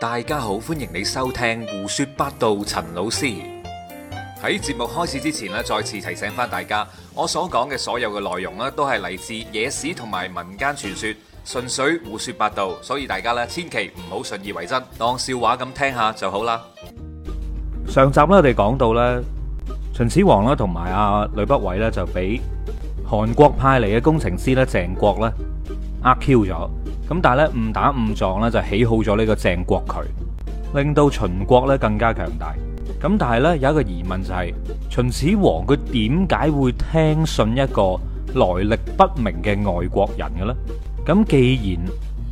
大家好，歡迎你收聽胡說八道。陳老師喺節目開始之前再次提醒翻大家，我所講嘅所有嘅內容都係嚟自野史同埋民間傳說，純粹胡說八道，所以大家千祈唔好信以為真，當笑話咁聽下就好啦。上集我哋講到咧，秦始皇咧同埋阿呂不韋就俾韓國派嚟嘅工程師咧鄭國。呃 Q 咗，咁但係咧誤打誤撞咧就起好咗呢個鄭國渠，令到秦國咧更加強大。咁但係咧有一個疑問就係、是、秦始皇佢點解會聽信一個來歷不明嘅外國人嘅咧？咁既然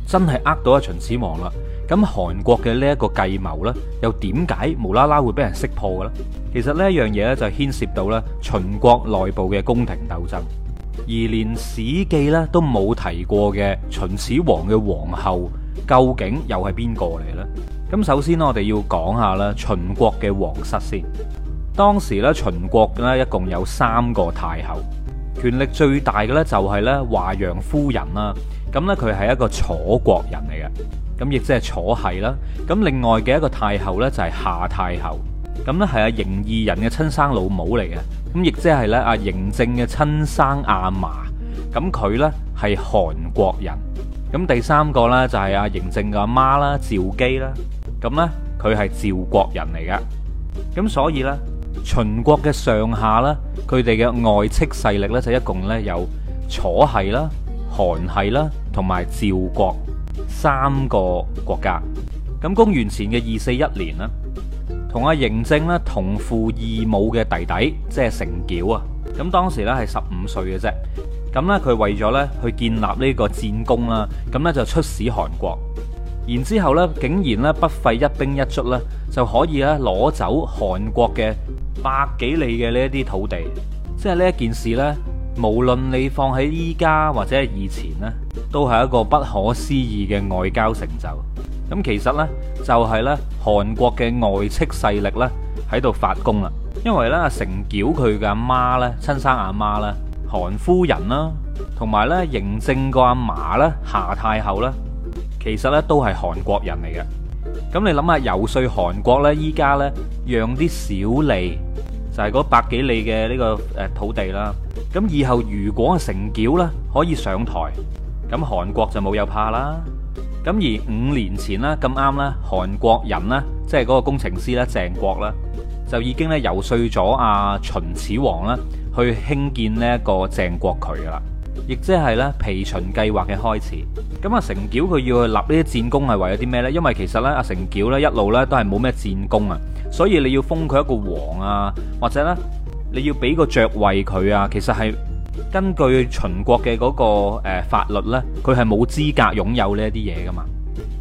真係呃到阿秦始皇啦，咁韓國嘅呢一個計謀咧又點解無啦啦會俾人識破嘅咧？其實呢一樣嘢咧就牽涉到咧秦國內部嘅宮廷鬥爭。而連《史記》咧都冇提過嘅秦始皇嘅皇后，究竟又係邊個嚟呢？咁首先我哋要講下啦，秦國嘅皇室先。當時咧，秦國咧一共有三個太后，權力最大嘅咧就係咧華陽夫人啦。咁咧佢係一個楚國人嚟嘅，咁亦即係楚系啦。咁另外嘅一個太后咧就係夏太后，咁咧係阿嬴異人嘅親生老母嚟嘅。咁亦即係咧，阿嬴政嘅親生阿嫲，咁佢咧係韓國人。咁第三個咧就係阿嬴政嘅阿媽啦，趙姬啦。咁咧佢係趙國人嚟㗎。咁所以咧，秦國嘅上下咧，佢哋嘅外戚勢力咧就一共咧有楚系啦、韓系啦，同埋趙國三個國家。咁公元前嘅二四一年咧。同阿嬴政咧同父異母嘅弟弟，即係成蟜啊。咁當時咧係十五歲嘅啫，咁咧佢為咗咧去建立呢個戰功啦，咁咧就出使韓國，然之後咧竟然咧不費一兵一卒咧就可以咧攞走韓國嘅百幾里嘅呢一啲土地，即係呢一件事咧，無論你放喺依家或者係以前呢，都係一個不可思議嘅外交成就。咁其實呢，就係呢韓國嘅外戚勢力呢喺度發功啦，因為呢，成蟜佢嘅阿媽呢，親生阿媽啦韓夫人啦，同埋呢嬴政個阿嫲啦夏太后啦，其實呢都係韓國人嚟嘅。咁你諗下遊說韓國呢，依家呢，讓啲小利就係、是、嗰百幾里嘅呢個誒土地啦。咁以後如果成蟜呢，可以上台，咁韓國就冇有怕啦。咁而五年前咧，咁啱咧，韓國人咧，即係嗰個工程師咧，鄭國啦，就已經咧遊說咗阿秦始皇啦去興建呢一個鄭國渠㗎喇，亦即係咧皮秦計劃嘅開始。咁啊，成蟜佢要去立呢啲戰功係為咗啲咩呢？因為其實呢，阿成蟜呢一路呢都係冇咩戰功啊，所以你要封佢一個王啊，或者呢，你要俾個爵位佢啊，其實係。根據秦國嘅嗰個、呃、法律呢，佢係冇資格擁有呢啲嘢噶嘛。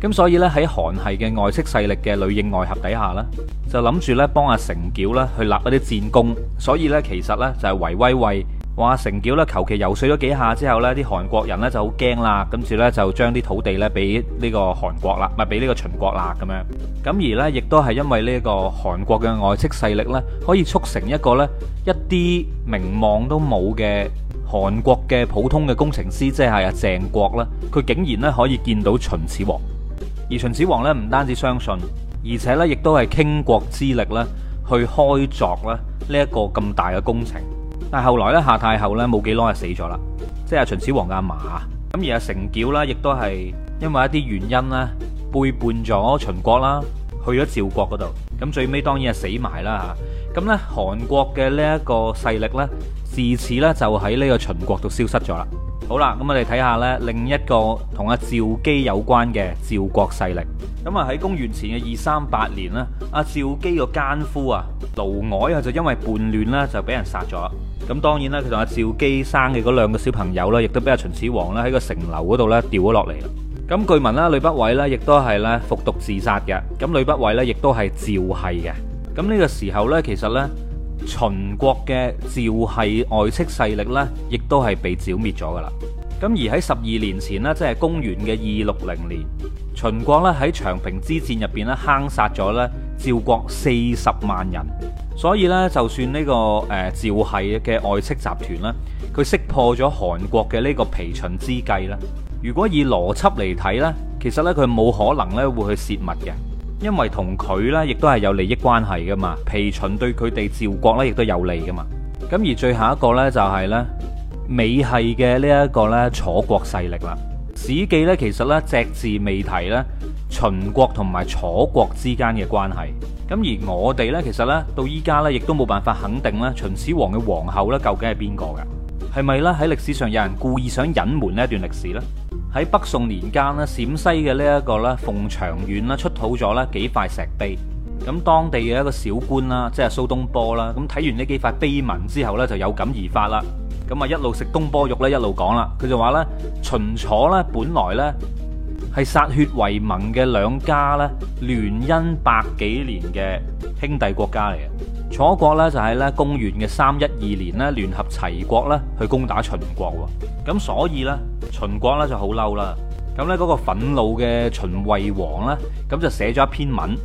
咁所以呢，喺韓系嘅外戚勢力嘅裏應外合底下呢，就諗住呢幫阿成繳呢去立一啲戰功。所以呢，其實呢就係為威惠話阿成繳呢求其游說咗幾下之後呢，啲韓國人呢就好驚啦，跟住呢，就將啲土地呢俾呢個韓國啦，咪俾呢個秦國啦咁樣。咁而呢，亦都係因為呢一個韓國嘅外戚勢力呢，可以促成一個呢一啲名望都冇嘅。韓國嘅普通嘅工程師即係阿鄭國啦，佢竟然咧可以見到秦始皇，而秦始皇咧唔單止相信，而且咧亦都係傾國之力咧去開鑿咧呢一個咁大嘅工程。但係後來咧，夏太后咧冇幾耐死咗啦，即係秦始皇嘅阿嫲。咁而阿成蟜啦，亦都係因為一啲原因咧背叛咗秦國啦，去咗趙國嗰度。咁最尾當然係死埋啦嚇。咁咧韓國嘅呢一個勢力咧。自此咧就喺呢個秦國度消失咗啦。好啦，咁我哋睇下呢另一個同阿趙姬有關嘅趙國勢力。咁啊喺公元前嘅二三八年呢，阿趙姬個奸夫啊嫪毐啊就因為叛亂呢，就俾人殺咗。咁當然啦，佢同阿趙姬生嘅嗰兩個小朋友呢，亦都俾阿秦始皇呢喺個城樓嗰度呢掉咗落嚟。咁據聞啦，呂不韋呢，亦都係呢服毒自殺嘅。咁呂不韋呢，亦都係趙系嘅。咁呢個時候呢，其實呢。秦國嘅趙係外戚勢力呢，亦都係被剿滅咗噶啦。咁而喺十二年前呢，即係公元嘅二六零年，秦國咧喺長平之戰入邊咧坑殺咗咧趙國四十萬人。所以呢，就算呢個誒趙係嘅外戚集團咧，佢識破咗韓國嘅呢個疲秦之計咧，如果以邏輯嚟睇呢，其實呢，佢冇可能咧會去泄密嘅。因為同佢呢亦都係有利益關係噶嘛，皮秦對佢哋趙國呢亦都有利噶嘛。咁而最後一個呢，就係呢美係嘅呢一個呢楚國勢力啦。史記呢其實呢隻字未提呢秦國同埋楚國之間嘅關係。咁而我哋呢，其實呢到依家呢亦都冇辦法肯定呢秦始皇嘅皇后呢究竟係邊個噶？係咪呢？喺歷史上有人故意想隱瞞呢一段歷史呢？喺北宋年間呢陝西嘅呢一個咧鳳翔縣呢出土咗咧幾塊石碑，咁當地嘅一個小官啦，即係蘇東坡啦，咁睇完呢幾塊碑文之後呢，就有感而發啦，咁啊一路食東坡肉呢一路講啦，佢就話呢秦楚呢，本來呢係歃血為盟嘅兩家呢聯姻百幾年嘅兄弟國家嚟嘅。楚國咧就係咧公元嘅三一二年咧聯合齊國咧去攻打秦國喎，咁所以咧秦國咧就好嬲啦，咁咧嗰個憤怒嘅秦惠王咧，咁就寫咗一篇文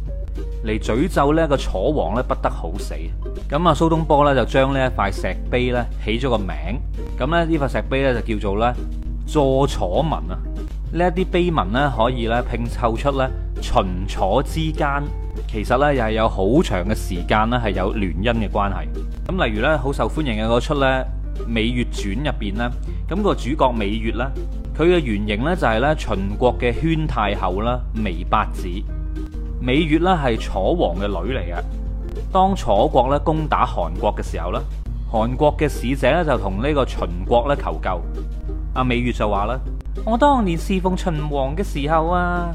嚟詛咒呢個楚王咧不得好死，咁啊蘇東坡咧就將呢一塊石碑咧起咗個名，咁咧呢塊石碑咧就叫做咧《詛楚文》啊。呢一啲碑文咧，可以咧拼湊出咧秦楚之間其實咧又係有好長嘅時間咧係有聯姻嘅關係。咁例如咧好受歡迎嘅嗰出咧《美月傳》入面咧，咁個主角美月咧，佢嘅原型咧就係咧秦國嘅圈太后啦，微八子。美月咧係楚王嘅女嚟嘅。當楚國咧攻打韓國嘅時候咧，韓國嘅使者咧就同呢個秦國咧求救。阿美月就話咧。我當年侍奉秦王嘅時候啊，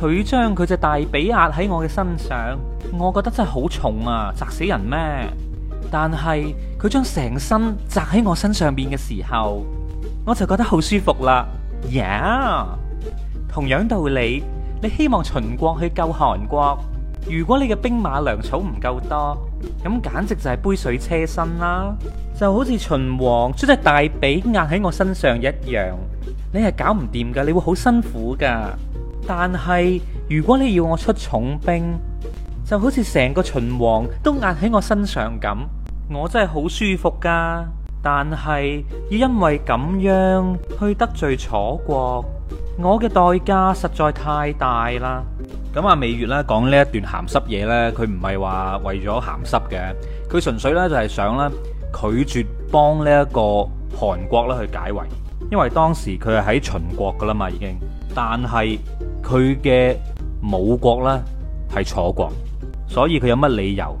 佢將佢隻大髀壓喺我嘅身上，我覺得真係好重啊，砸死人咩？但係佢將成身砸喺我身上邊嘅時候，我就覺得好舒服啦。呀、yeah!，同樣道理，你希望秦國去救韓國，如果你嘅兵馬糧草唔夠多，咁簡直就係杯水車薪啦、啊。就好似秦王將隻大髀壓喺我身上一樣。你係搞唔掂噶，你會好辛苦噶。但係如果你要我出重兵，就好似成個秦王都壓喺我身上咁，我真係好舒服噶。但係要因為咁樣去得罪楚國，我嘅代價實在太大啦。咁啊，羋月啦講呢一段鹹濕嘢呢，佢唔係話為咗鹹濕嘅，佢純粹呢就係想咧拒絕幫呢一個韓國啦去解圍。因為當時佢係喺秦國噶啦嘛，已經，但係佢嘅母國呢係楚國，所以佢有乜理由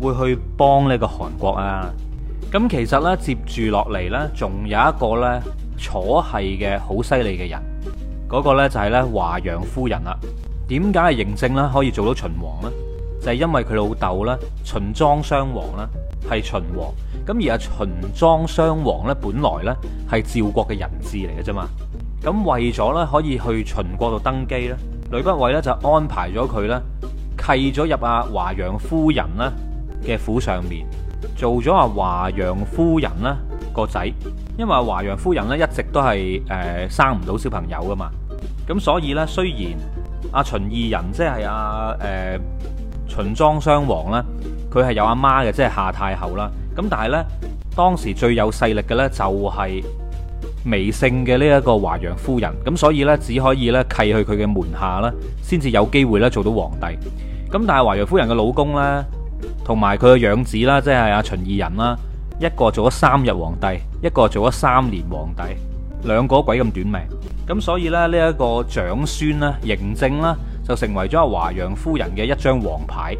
會去幫呢個韓國啊？咁其實呢，接住落嚟呢，仲有一個呢楚係嘅好犀利嘅人，嗰個呢就係呢華陽夫人啦。點解嬴政呢可以做到秦王呢？就係因為佢老豆呢，秦莊襄王呢，係秦王。咁而阿秦莊襄王呢，本來呢，係趙國嘅人質嚟嘅啫嘛。咁為咗呢，可以去秦國度登基呢，呂不韋呢，就安排咗佢呢，契咗入阿華陽夫人呢嘅府上面做咗阿華陽夫人呢個仔，因為阿華陽夫人呢一直都係誒、呃、生唔到小朋友噶嘛。咁所以呢，雖然阿秦異人即係阿誒。呃秦莊襄王咧，佢係有阿媽嘅，即係夏太后啦。咁但係咧，當時最有勢力嘅咧就係羋姓嘅呢一個華陽夫人。咁所以呢，只可以咧契去佢嘅門下啦，先至有機會咧做到皇帝。咁但係華陽夫人嘅老公呢，同埋佢嘅養子啦，即係阿秦異人啦，一個做咗三日皇帝，一個做咗三年皇帝，兩個鬼咁短命。咁所以呢，呢一個長孫咧，嬴政啦。就成為咗華陽夫人嘅一張王牌，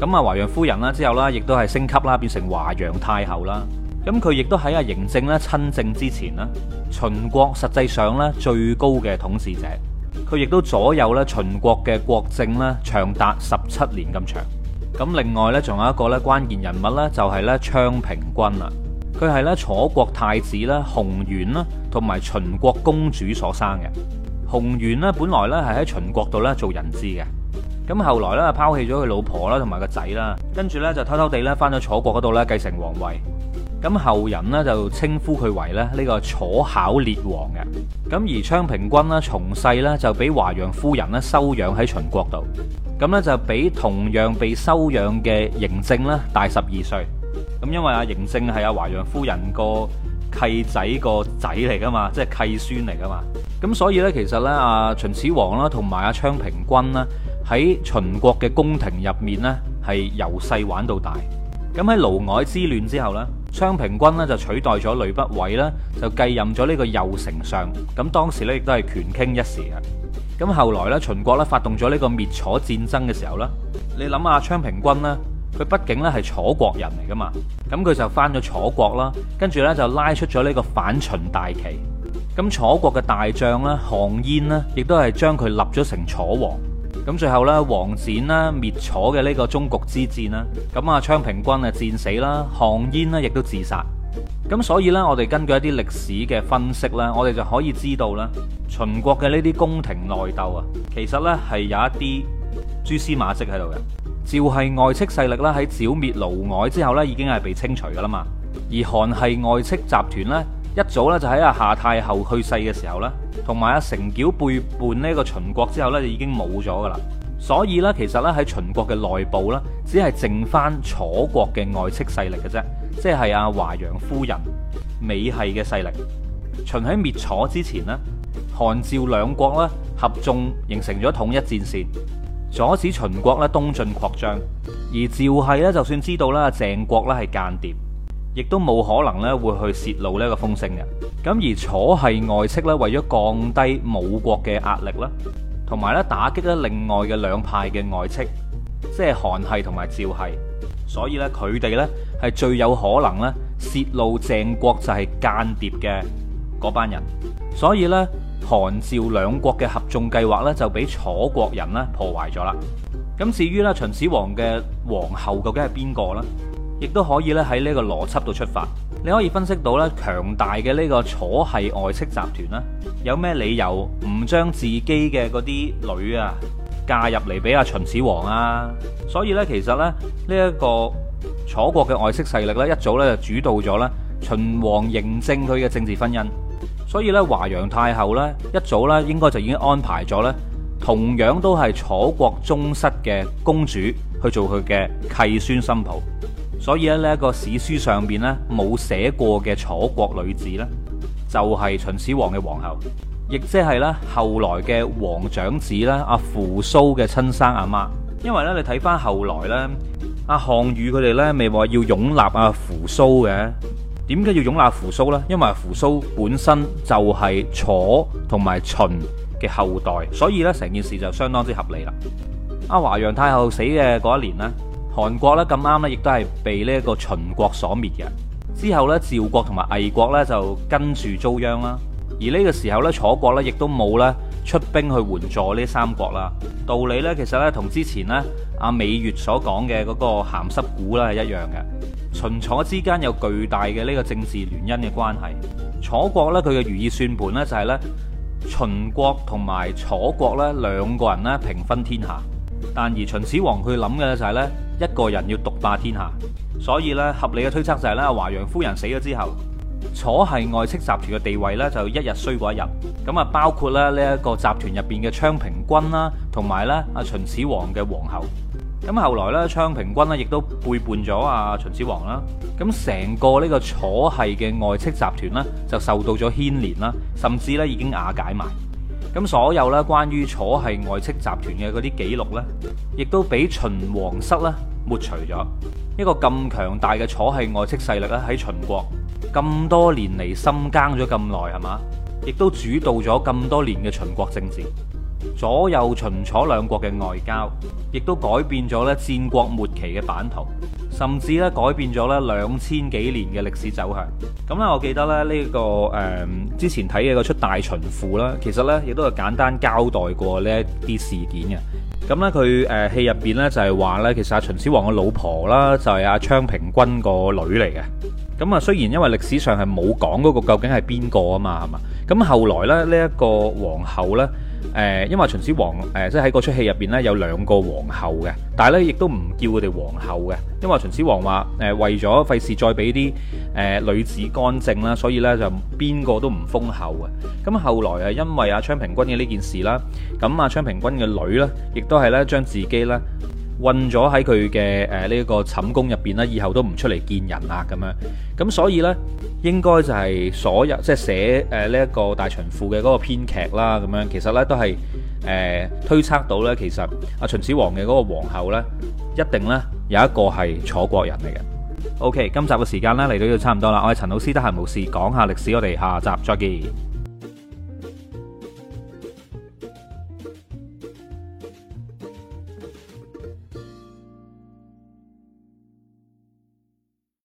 咁啊華陽夫人啦之後啦，亦都係升級啦，變成華陽太后啦。咁佢亦都喺阿嬴政咧親政之前啦，秦國實際上咧最高嘅統治者，佢亦都左右咧秦國嘅國政咧長達十七年咁長。咁另外咧仲有一個咧關鍵人物就係咧昌平君啦，佢係咧楚國太子啦，紅媛啦同埋秦國公主所生嘅。洪元咧，本來咧係喺秦國度咧做人質嘅，咁後來咧拋棄咗佢老婆啦同埋個仔啦，跟住咧就偷偷地咧翻咗楚國嗰度咧繼承皇位，咁後人呢，就稱呼佢為咧呢個楚考烈王嘅。咁而昌平君呢，從細咧就俾華陽夫人呢收養喺秦國度，咁咧就比同樣被收養嘅嬴政呢，大十二歲。咁因為阿嬴政係阿華陽夫人個契仔個仔嚟噶嘛，即係契孫嚟噶嘛。咁所以呢，其實呢，阿秦始皇啦，同埋阿昌平君啦，喺秦國嘅宮廷入面呢，係由細玩到大。咁喺嫪毐之亂之後呢，昌平君呢，就取代咗呂不韋啦，就繼任咗呢個右丞相。咁當時呢，亦都係權傾一時嘅。咁後來呢，秦國呢，發動咗呢個滅楚戰爭嘅時候呢，你諗下昌平君呢，佢畢竟呢，係楚國人嚟噶嘛，咁佢就翻咗楚國啦，跟住呢，就拉出咗呢個反秦大旗。咁楚國嘅大將啦，項燕呢，亦都係將佢立咗成楚王。咁最後咧，王翦啦，滅楚嘅呢個終局之戰啦，咁啊昌平君啊戰死啦，項燕呢，亦都自殺。咁所以呢，我哋根據一啲歷史嘅分析呢，我哋就可以知道啦，秦國嘅呢啲宮廷內鬥啊，其實呢係有一啲蛛絲馬迹喺度嘅。趙系外戚勢力啦，喺剿滅嫪毐之後呢，已經係被清除噶啦嘛。而韓系外戚集團呢。一早咧就喺阿夏太后去世嘅時候咧，同埋阿成蟜背叛呢個秦國之後咧就已經冇咗噶啦，所以咧其實咧喺秦國嘅內部咧，只係剩翻楚國嘅外戚勢力嘅啫，即係阿華陽夫人美系嘅勢力。秦喺滅楚之前呢，韓趙兩國咧合縱形成咗統一戰線，阻止秦國咧東進擴張，而趙系咧就算知道啦，鄭國咧係間諜。亦都冇可能咧，會去洩露呢一個風聲嘅。咁而楚系外戚咧，為咗降低武國嘅壓力啦，同埋咧打擊咧另外嘅兩派嘅外戚，即係韓系同埋趙系。所以咧，佢哋咧係最有可能咧洩露鄭國就係間諜嘅嗰班人。所以咧，韓趙兩國嘅合縱計劃咧就俾楚國人咧破壞咗啦。咁至於咧秦始皇嘅皇后究竟係邊個呢？亦都可以咧喺呢個邏輯度出發，你可以分析到呢強大嘅呢個楚系外戚集團啦，有咩理由唔將自己嘅嗰啲女啊嫁入嚟俾阿秦始皇啊？所以呢，其實呢，呢一個楚國嘅外戚勢力呢，一早呢就主導咗呢秦王認證佢嘅政治婚姻，所以呢，華陽太后呢，一早呢應該就已經安排咗同樣都係楚國宗室嘅公主去做佢嘅契孫新抱。所以咧呢一個史書上邊呢，冇寫過嘅楚國女子呢，就係秦始皇嘅皇后，亦即係呢後來嘅皇長子呢，阿、啊、扶蘇嘅親生阿媽。因為呢，你睇翻後來呢，阿、啊、項羽佢哋呢，未話要擁立阿、啊、扶蘇嘅，點解要擁立扶蘇呢？因為扶蘇本身就係楚同埋秦嘅後代，所以呢，成件事就相當之合理啦。阿、啊、華陽太后死嘅嗰一年呢。韓國咧咁啱咧，亦都係被呢一個秦國所滅嘅。之後咧，趙國同埋魏國咧就跟住遭殃啦。而呢個時候咧，楚國咧亦都冇咧出兵去援助呢三國啦。道理咧，其實咧同之前咧阿美月所講嘅嗰個咸濕股咧係一樣嘅。秦楚之間有巨大嘅呢個政治聯姻嘅關係。楚國咧佢嘅如意算盤咧就係咧，秦國同埋楚國咧兩個人咧平分天下。但而秦始皇佢諗嘅就係呢一個人要獨霸天下，所以呢合理嘅推測就係咧，華陽夫人死咗之後，楚系外戚集團嘅地位呢就一日衰過一日，咁啊包括咧呢一個集團入邊嘅昌平君啦，同埋呢阿秦始皇嘅皇后，咁後來呢，昌平君呢亦都背叛咗阿秦始皇啦，咁成個呢個楚系嘅外戚集團呢，就受到咗牽連啦，甚至呢已經瓦解埋。咁所有咧，關於楚系外戚集團嘅嗰啲記錄咧，亦都俾秦王室咧抹除咗。一個咁強大嘅楚系外戚勢力咧，喺秦國咁多年嚟深耕咗咁耐，係嘛？亦都主導咗咁多年嘅秦國政治，左右秦楚兩國嘅外交，亦都改變咗咧戰國末期嘅版圖。甚至咧改變咗咧兩千幾年嘅歷史走向。咁咧，我記得咧呢個誒之前睇嘅個出《大秦賦》啦，其實咧亦都係簡單交代過呢一啲事件嘅。咁咧，佢誒戲入邊咧就係話咧，其實阿秦始皇嘅老婆啦就係阿昌平君個女嚟嘅。咁啊，雖然因為歷史上係冇講嗰個究竟係邊個啊嘛，係嘛，咁後來咧呢一個皇后咧。誒、呃，因為秦始皇誒，即係喺嗰出戲入邊呢，有兩個皇后嘅，但係呢亦都唔叫佢哋皇后嘅，因為秦始皇話誒為咗費事再俾啲誒女子干政啦，所以呢就邊個都唔封后嘅。咁後來係因為阿、啊、昌平君嘅呢件事啦，咁阿昌平君嘅女呢，亦都係呢將自己呢韫咗喺佢嘅誒呢個寢宮入邊啦，以後都唔出嚟見人啦，咁樣，咁所以呢。應該就係所有即係寫誒呢一個《大秦賦》嘅嗰個編劇啦，咁樣其實呢都係誒、呃、推測到呢，其實阿秦始皇嘅嗰個皇后呢，一定呢有一個係楚國人嚟嘅。OK，今集嘅時間呢嚟到呢度差唔多啦，我係陳老師，得閒無事講下歷史，我哋下集再見。